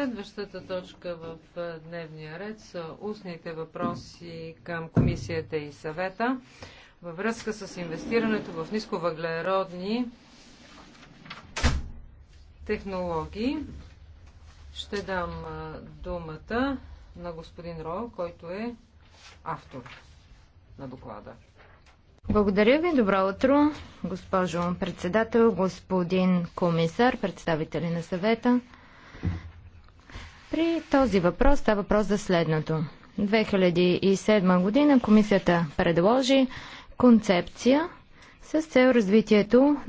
Следващата точка в дневния ред са устните въпроси към комисията и съвета във връзка с инвестирането в нисковъглеродни технологии. Ще дам думата на господин Ро, който е автор на доклада. Благодаря ви. Добро утро, госпожо председател, господин комисар, представители на съвета. При този въпрос става въпрос за следното. 2007 година комисията предложи концепция с цел развитието на